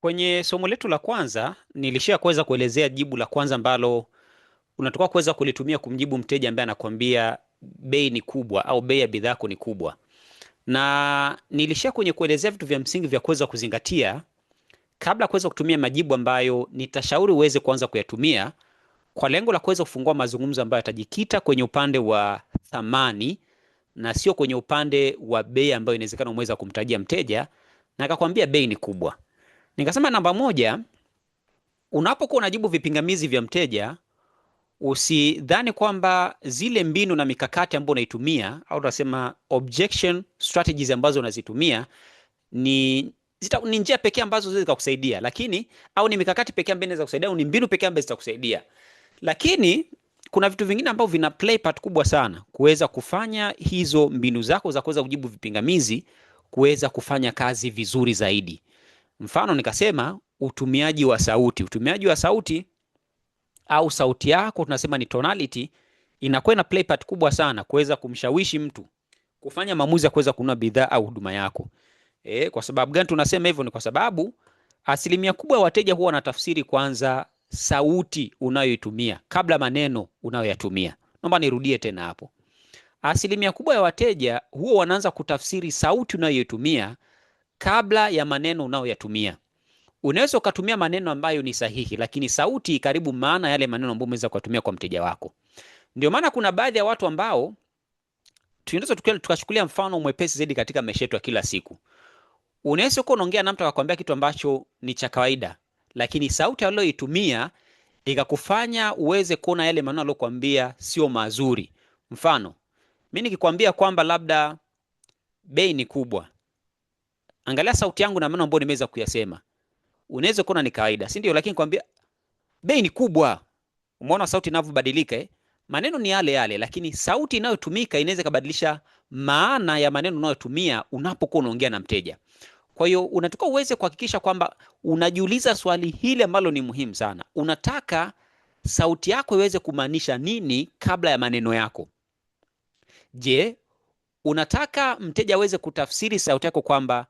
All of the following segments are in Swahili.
Kwenye somo letu la kwanza nilishia kuweza kuelezea jibu la kwanza ambalo unatoka kuweza kulitumia kumjibu mteja ambaye anakwambia bei ni kubwa au bei ya bidhaa yako ni kubwa, na nilishia kwenye kuelezea vitu vya msingi vya kuweza kuzingatia kabla ya kuweza kutumia majibu ambayo nitashauri uweze kuanza kuyatumia kwa lengo la kuweza kufungua mazungumzo ambayo yatajikita kwenye upande wa thamani na sio kwenye upande wa bei ambayo inawezekana umeweza kumtajia mteja na akakwambia bei ni kubwa. Nikasema namba moja, unapokuwa unajibu vipingamizi vya mteja usidhani kwamba zile mbinu na mikakati ambayo unaitumia au tunasema objection strategies ambazo unazitumia ni zita, ni njia pekee ambazo zinaweza kukusaidia, lakini au ni mikakati pekee ambayo inaweza kukusaidia au ni mbinu pekee ambazo zitakusaidia, lakini kuna vitu vingine ambavyo vina play part kubwa sana kuweza kufanya hizo mbinu zako za kuweza kujibu vipingamizi kuweza kufanya kazi vizuri zaidi. Mfano nikasema utumiaji wa sauti. Utumiaji wa sauti au sauti yako tunasema ni tonality, inakuwa ina play part kubwa sana kuweza kumshawishi mtu kufanya maamuzi ya kuweza kununua bidhaa au huduma yako. E, kwa sababu gani tunasema hivyo? Ni kwa sababu asilimia kubwa ya wateja huwa wanatafsiri kwanza sauti unayoitumia kabla maneno unayoyatumia. Naomba nirudie tena hapo. Asilimia kubwa ya wateja huwa wanaanza kutafsiri sauti unayoitumia kabla ya maneno unayoyatumia. Unaweza ukatumia maneno ambayo ni sahihi, lakini sauti karibu maana yale maneno ambayo umeweza kuyatumia kwa mteja wako. Ndio maana kuna baadhi ya watu ambao tunaweza tukachukulia mfano mwepesi zaidi katika maisha yetu ya kila siku. Unaweza ukuwa unaongea na mtu akakwambia kitu ambacho ni cha kawaida, lakini sauti aliyoitumia ikakufanya uweze kuona yale maneno aliyokwambia sio mazuri. Mfano, mi nikikwambia kwamba labda bei ni kubwa Angalia sauti yangu na maneno ambayo nimeweza kuyasema. Unaweza kuona ni kawaida, si ndio? Lakini kwambia bei ni kubwa. Umeona sauti inavyobadilika eh? Maneno ni yale yale, lakini sauti inayotumika inaweza ikabadilisha maana ya maneno unayotumia unapokuwa unaongea na mteja. Kwa hiyo unatoka uweze kuhakikisha kwamba unajiuliza swali hili ambalo ni muhimu sana. Unataka sauti yako iweze kumaanisha nini kabla ya maneno yako? Je, unataka mteja aweze kutafsiri sauti yako kwamba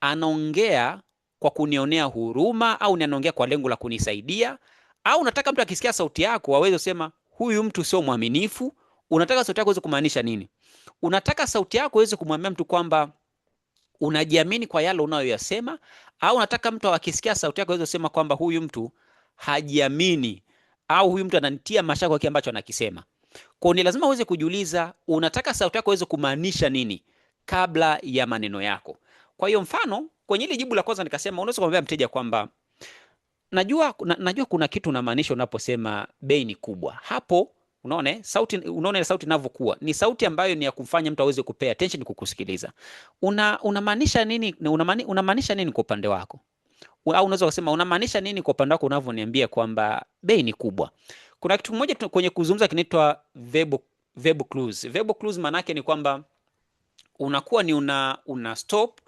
anaongea kwa kunionea huruma au ni anaongea kwa lengo la kunisaidia, au unataka mtu akisikia sauti yako aweze kusema huyu mtu sio mwaminifu. Unataka sauti yako iweze kumaanisha nini? Unataka sauti yako iweze kumwambia mtu kwamba unajiamini kwa yale unayoyasema, au unataka mtu akisikia sauti yako aweze kusema kwamba huyu mtu hajiamini, au huyu mtu ananitia mashaka kwa kile ambacho anakisema. Kwa ni lazima uweze kujiuliza unataka sauti yako iweze kumaanisha nini kabla ya maneno yako. Kwa hiyo mfano kwenye ile jibu la kwanza nikasema unaweza kumwambia mteja kwamba najua na, najua kuna kitu unamaanisha unaposema bei ni kubwa. Hapo unaona sauti unaona sauti inavyokuwa. Ni sauti ambayo ni ya kumfanya mtu aweze kupea attention kukusikiliza. Una unamaanisha nini unamaanisha nini kwa upande wako? Au unaweza kusema unamaanisha nini kwa upande wako unavyoniambia kwamba bei ni kubwa. Kuna kitu kimoja kwenye kuzungumza kinaitwa verbal verbal clues. Verbal clues maana yake ni kwamba unakuwa ni una una stop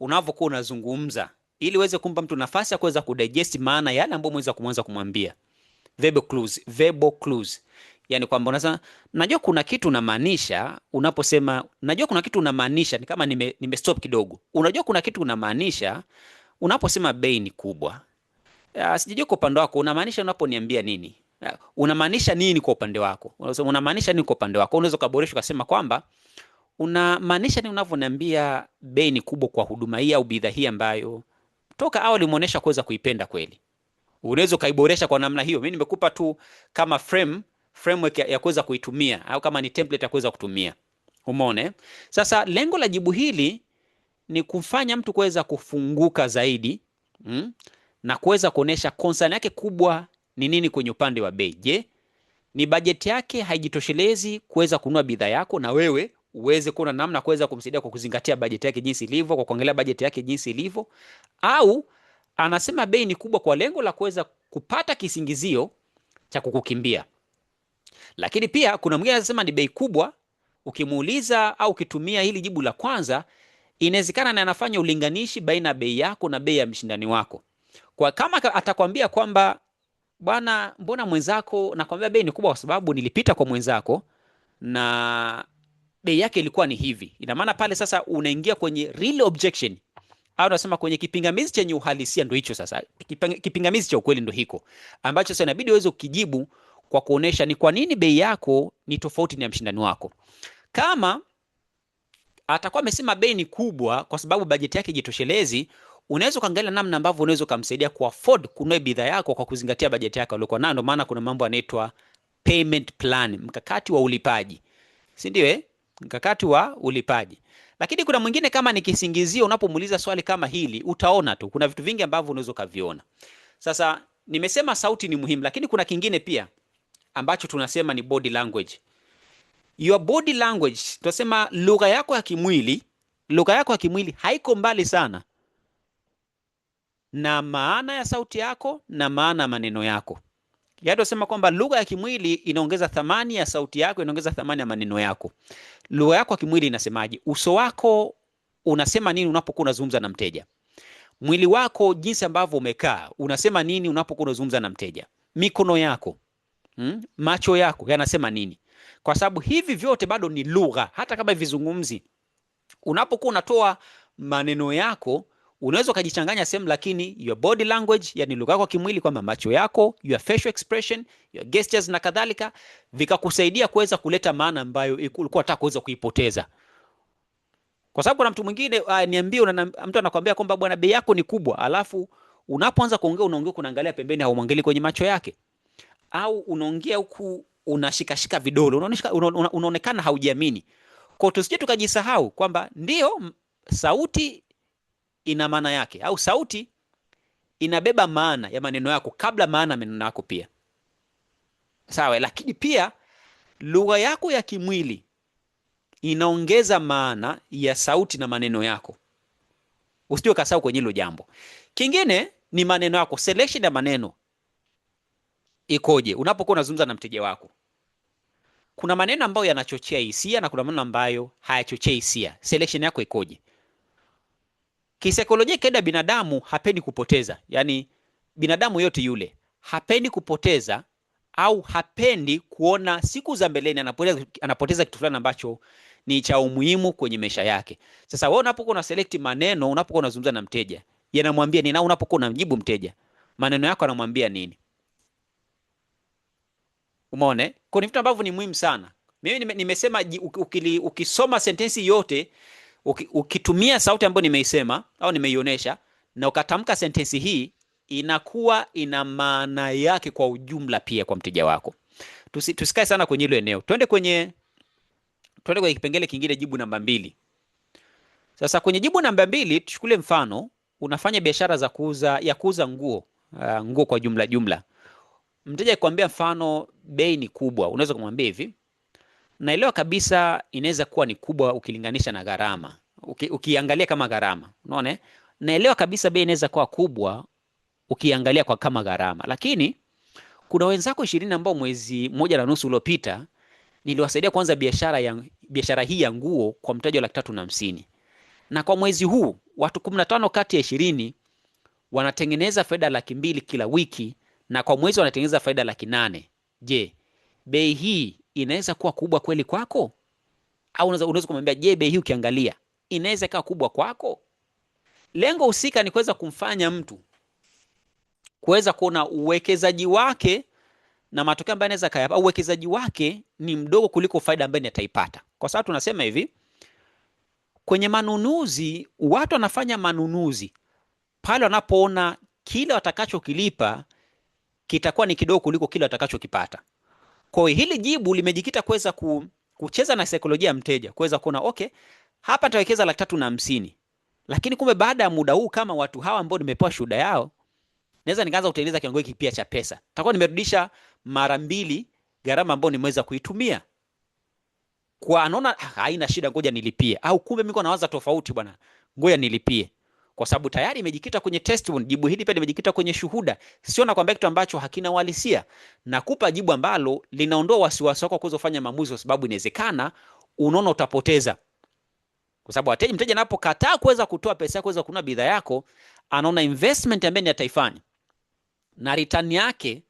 unavyokuwa unazungumza ili uweze kumpa mtu nafasi ya kuweza kudigest maana yale ambayo umeweza kumwanza kumwambia. Verbal clues, verbal clues. yani kwamba unasema najua kuna kitu unamaanisha unaposema najua kuna kitu unamaanisha ni kama nime, nime stop kidogo. Unajua kuna kitu unamaanisha unaposema bei ni kubwa. Uh, sijajua kwa upande wako unamaanisha unaponiambia nini? Uh, unamaanisha nini kwa upande wako? Unamaanisha nini kwa upande wako? Unaweza kuboresha ukasema kwamba unamaanisha ni unavyoniambia bei ni kubwa kwa huduma hii au bidhaa hii ambayo toka awali umeonyesha kuweza kuipenda kweli? Unaweza ukaiboresha kwa namna hiyo. Mimi nimekupa tu kama frame, framework ya kuweza kuitumia au kama ni template ya kuweza kutumia. Umeona? Eh? Sasa lengo la jibu hili ni kufanya mtu kuweza kufunguka zaidi mm, na kuweza kuonesha concern yake kubwa ni nini kwenye upande wa bei. Je, ni bajeti yake haijitoshelezi kuweza kununua bidhaa yako na wewe uweze kuona namna kuweza kumsaidia kwa kuzingatia bajeti yake jinsi ilivyo, kwa kuangalia bajeti yake jinsi ilivyo, au anasema bei ni kubwa kwa lengo la kuweza kupata kisingizio cha kukukimbia. Lakini pia kuna mwingine anasema ni bei kubwa. Ukimuuliza au ukitumia hili jibu la kwanza, inawezekana na anafanya ulinganishi baina ya bei yako na bei ya mshindani wako. Kwa kama atakwambia kwamba bwana, mbona mwenzako, nakwambia bei ni kubwa kwa sababu nilipita kwa mwenzako na bei yake ilikuwa ni hivi. Ina maana pale sasa unaingia kwenye real objection au tunasema kwenye kipingamizi chenye uhalisia, ndo hicho sasa. Kipingamizi cha ukweli ndo hiko ambacho sasa inabidi uweze kukijibu kwa kuonesha ni kwa nini bei yako ni tofauti na mshindani wako. Kama atakuwa amesema bei ni kubwa kwa sababu bajeti yake jitoshelezi, unaweza ukaangalia namna ambavyo unaweza ukamsaidia ku afford kununua bidhaa yako kwa kuzingatia bajeti yake aliyokuwa nayo. Ndio maana kuna mambo yanaitwa payment plan, mkakati wa ulipaji, si ndio eh? mkakati wa ulipaji. Lakini kuna mwingine kama ni kisingizio, unapomuuliza swali kama hili utaona tu kuna vitu vingi ambavyo unaweza ukaviona. Sasa nimesema sauti ni muhimu, lakini kuna kingine pia ambacho tunasema ni body language. Your body language, tunasema lugha yako ya kimwili, lugha yako ya kimwili haiko mbali sana na maana ya sauti yako na maana ya maneno yako. Yaani tunasema kwamba lugha ya kimwili inaongeza thamani ya sauti yako, inaongeza thamani ya maneno yako. Lugha yako ya kimwili inasemaje? Uso wako unasema nini unapokuwa unazungumza na mteja? Mwili wako jinsi ambavyo umekaa unasema nini unapokuwa unazungumza na mteja? Mikono yako hmm? macho yako yanasema nini? Kwa sababu hivi vyote bado ni lugha, hata kama vizungumzi. Unapokuwa unatoa maneno yako unaweza ukajichanganya sehemu, lakini your body language, yani lugha yako kimwili, kwamba macho yako, your facial expression, your gestures na kadhalika, vikakusaidia kuweza kuleta maana ambayo ulikuwa unataka kuweza kuipoteza, kwa sababu kuna mtu mwingine uh, niambie, mtu anakuambia kwamba bwana, bei yako ni kubwa, alafu unapoanza kuongea unaongea kunaangalia pembeni, au haumwangalii kwenye macho yake, au unaongea huku unashikashika vidole, unaonekana una, una, una, una haujiamini. Kwa tusije tukajisahau kwamba ndio sauti ina maana yake, au sauti inabeba maana ya maneno yako kabla maana ya maneno yako pia, sawa. Lakini pia lugha yako ya kimwili inaongeza maana ya sauti na maneno yako. Usijue kasau kwenye hilo jambo. Kingine ni maneno yako, selection ya maneno ikoje unapokuwa unazungumza na mteja wako. Kuna maneno ambayo yanachochea hisia na kuna maneno ambayo hayachochei hisia. Selection yako ikoje? Kisaikolojia, kaida binadamu hapendi kupoteza, yaani binadamu yote yule hapendi kupoteza au hapendi kuona siku za mbeleni anapoteza, anapoteza kitu fulani ambacho ni cha umuhimu kwenye maisha yake. Sasa wewe unapokuwa una select maneno, unapokuwa unazungumza na mteja, yanamwambia nini? Au unapokuwa unamjibu mteja, maneno yako anamwambia nini? Umeona? Eh? Kwa ni vitu ambavyo ni muhimu sana. Mimi nimesema ukili, ukisoma sentensi yote ukitumia sauti ambayo nimeisema au nimeionyesha na ukatamka sentensi hii inakuwa ina maana yake kwa ujumla pia kwa mteja wako. Tusi, tusikae sana kwenye hilo eneo. Twende kwenye twende kwenye kipengele kingine, jibu namba mbili. Sasa kwenye jibu namba mbili tuchukule mfano unafanya biashara za kuuza ya kuuza nguo uh, nguo kwa jumla jumla. Mteja akikwambia mfano bei ni kubwa, unaweza kumwambia hivi, naelewa kabisa inaweza kuwa ni kubwa ukilinganisha na gharama uki, ukiangalia kama gharama, unaona, eh? naelewa kabisa bei inaweza kuwa kubwa ukiangalia kwa kama gharama, lakini kuna wenzako ishirini ambao mwezi moja na nusu uliopita niliwasaidia kwanza biashara ya biashara hii ya nguo kwa mtaji wa laki tatu na hamsini na kwa mwezi huu watu 15 kati ya ishirini wanatengeneza faida laki mbili kila wiki, na kwa mwezi wanatengeneza faida laki nane. Je, bei hii inaweza kuwa kubwa kweli kwako? Au unaweza kumwambia, jebe hii ukiangalia inaweza ikawa kubwa kwako? Lengo husika ni kuweza kumfanya mtu kuweza kuona uwekezaji wake na matokeo ambayo anaweza kayapata, uwekezaji wake ni mdogo kuliko faida ambayo ataipata, kwa sababu tunasema hivi kwenye manunuzi, watu wanafanya manunuzi pale wanapoona kile watakachokilipa kitakuwa ni kidogo kuliko kile watakachokipata. Kwa hiyo hili jibu limejikita kuweza ku, kucheza na saikolojia ya mteja kuweza kuona okay, hapa nitawekeza laki tatu na hamsini, lakini kumbe baada ya muda huu kama watu hawa ambao nimepewa shuhuda yao naweza nikaanza kutengeneza kiwango hiki pia cha pesa, takuwa nimerudisha mara mbili gharama ambayo nimeweza kuitumia. Kwa anaona haina shida, ngoja nilipie. Au kumbe mimi nawaza tofauti, bwana, ngoja nilipie kwa sababu tayari imejikita kwenye testimony. Jibu hili pia limejikita kwenye shuhuda, sio nakwambia kitu ambacho hakina uhalisia. Nakupa jibu ambalo linaondoa wasiwasi wako kuweza kufanya maamuzi, kwa sababu inawezekana unaona utapoteza, kwa sababu wateja, mteja anapokataa kuweza kutoa pesa yako kuweza kununua bidhaa yako, anaona investment ambayo ataifanya na return yake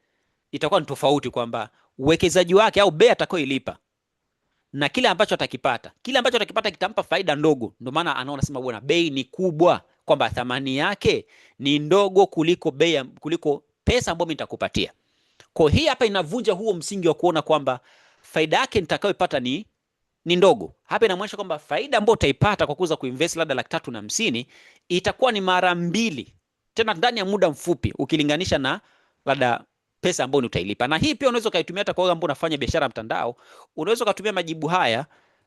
itakuwa ni tofauti, kwamba uwekezaji wake au bei atakayoilipa na kile ambacho atakipata, kile ambacho atakipata kitampa faida ndogo. Ndio maana anaona sema, bwana, bei ni kubwa kwamba thamani yake ni ndogo kuliko bei kuliko pesa ambayo mimi nitakupatia. Kwa hii hapa inavunja huo msingi wa kuona kwamba faida yake nitakayopata ni ni ndogo. Hapa inamaanisha kwamba faida ambayo utaipata kwa kuweza kuinvest labda laki tatu na hamsini itakuwa ni mara mbili tena ndani ya muda mfupi ukilinganisha na labda pesa ambayo utailipa. Na hii pia unaweza ukaitumia hata kwa wale ambao unafanya biashara mtandao, unaweza ukatumia majibu haya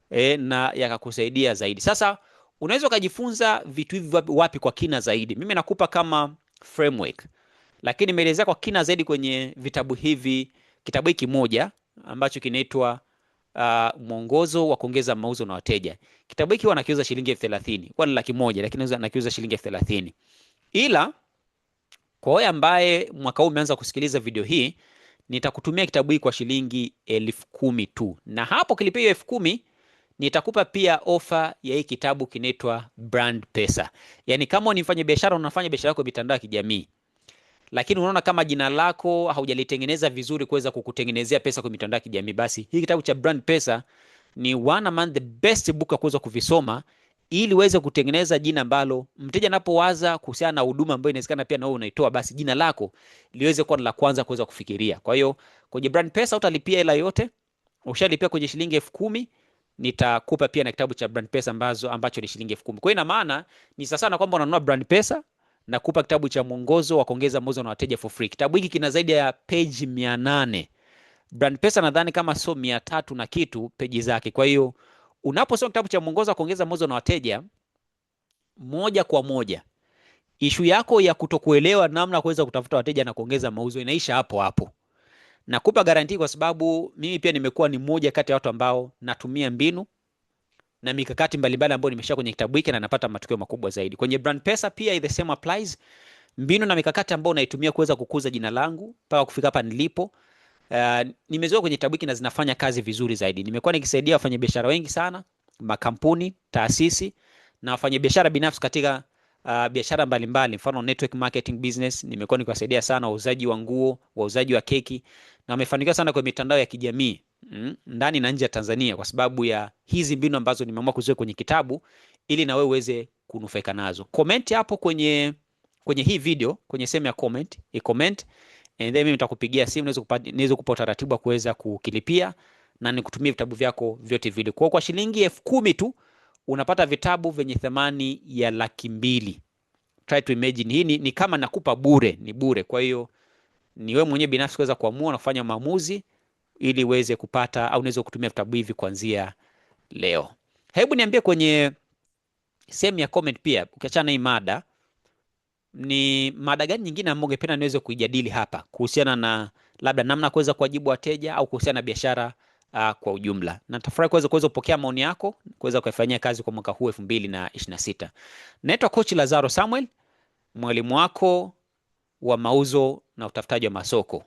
e, na yakakusaidia zaidi. Sasa unaweza ukajifunza vitu hivi wapi kwa kina zaidi? Mimi nakupa kama framework, lakini nimeelezea kwa kina zaidi kwenye vitabu hivi, kitabu hiki kimoja ambacho kinaitwa uh, mwongozo wa kuongeza mauzo na wateja. Kitabu hiki wanakiuza shilingi elfu thelathini ni laki moja, lakini nakiuza shilingi elfu thelathini ila kwa wewe ambaye mwaka huu umeanza kusikiliza video hii, nitakutumia kitabu hii kwa shilingi elfu kumi tu, na hapo kilipia hiyo elfu kumi Nitakupa pia ofa ya hii kitabu kinaitwa Brand Pesa. Yaani kama ni biashara unafanya biashara yako mitandao ya kijamii. Lakini unaona kama jina lako haujalitengeneza vizuri kuweza kukutengenezea pesa kwa mitandao ya kijamii basi hii kitabu cha Brand Pesa ni one among the best book ya kuweza kuvisoma ili uweze kutengeneza jina ambalo mteja anapowaza kuhusiana na huduma ambayo inawezekana pia na wewe unaitoa, basi jina lako liweze kuwa la kwanza kuweza kufikiria. Kwa hiyo kwenye Brand Pesa utalipia hela yote, ushalipia kwenye shilingi elfu kumi nitakupa pia na kitabu cha brand pesa ambazo ambacho ni shilingi elfu kumi. Kwa hiyo ina maana ni sasa na kwamba unanunua brand pesa na kupa kitabu cha mwongozo wa kuongeza mauzo na wateja for free. Kitabu hiki kina zaidi ya peji 800. Brand pesa nadhani kama so 300 na kitu peji zake. Kwa hiyo unaposoma kitabu cha mwongozo wa kuongeza mauzo na wateja moja kwa moja ishu yako ya kutokuelewa namna kuweza kutafuta wateja na kuongeza mauzo inaisha hapo hapo. Nakupa garantii kwa sababu mimi pia nimekuwa ni moja kati ya watu ambao natumia mbinu na mikakati mbalimbali ambayo nimesha kwenye kitabu hiki na napata matokeo makubwa zaidi. Kwenye brand pesa pia the same applies. Mbinu na mikakati ambayo naitumia kuweza kukuza jina langu mpaka kufika hapa nilipo. Uh, nimezoea kwenye kitabu hiki na zinafanya kazi vizuri zaidi. Nimekuwa nikisaidia wafanyabiashara wengi sana, makampuni, taasisi na wafanyabiashara binafsi katika uh, biashara mbalimbali, mfano network marketing business. Nimekuwa nikiwasaidia sana wauzaji wa nguo, wauzaji wa keki na wamefanikiwa sana kwenye mitandao ya kijamii mm, ndani na nje ya Tanzania kwa sababu ya hizi mbinu ambazo nimeamua kuziweka kwenye kitabu ili na wewe uweze kunufaika nazo. Comment hapo kwenye kwenye hii video kwenye sehemu ya comment, i comment and then mimi nitakupigia simu niweze kupa utaratibu wa kuweza kukilipia na nikutumie vitabu vyako vyote vile. Kwa kwa shilingi elfu kumi tu unapata vitabu vyenye thamani ya laki mbili. Try to imagine hii ni, ni kama nakupa bure, ni bure. Kwa hiyo ni wewe mwenyewe binafsi kuweza kuamua na kufanya maamuzi ili uweze kupata au unaweza kutumia vitabu hivi kuanzia leo. Hebu niambie kwenye sehemu ya comment pia, ukiachana hii mada, ni mada gani nyingine ambayo ungependa niweze kuijadili hapa kuhusiana na labda namna kuweza kuwajibu wateja au kuhusiana na biashara uh, kwa ujumla. Na tafurahi kuweza kuweza kupokea maoni yako kuweza kuyafanyia kazi kwa mwaka huu 2026. Naitwa Coach Lazaro Samuel, mwalimu wako wa mauzo na utafutaji wa masoko.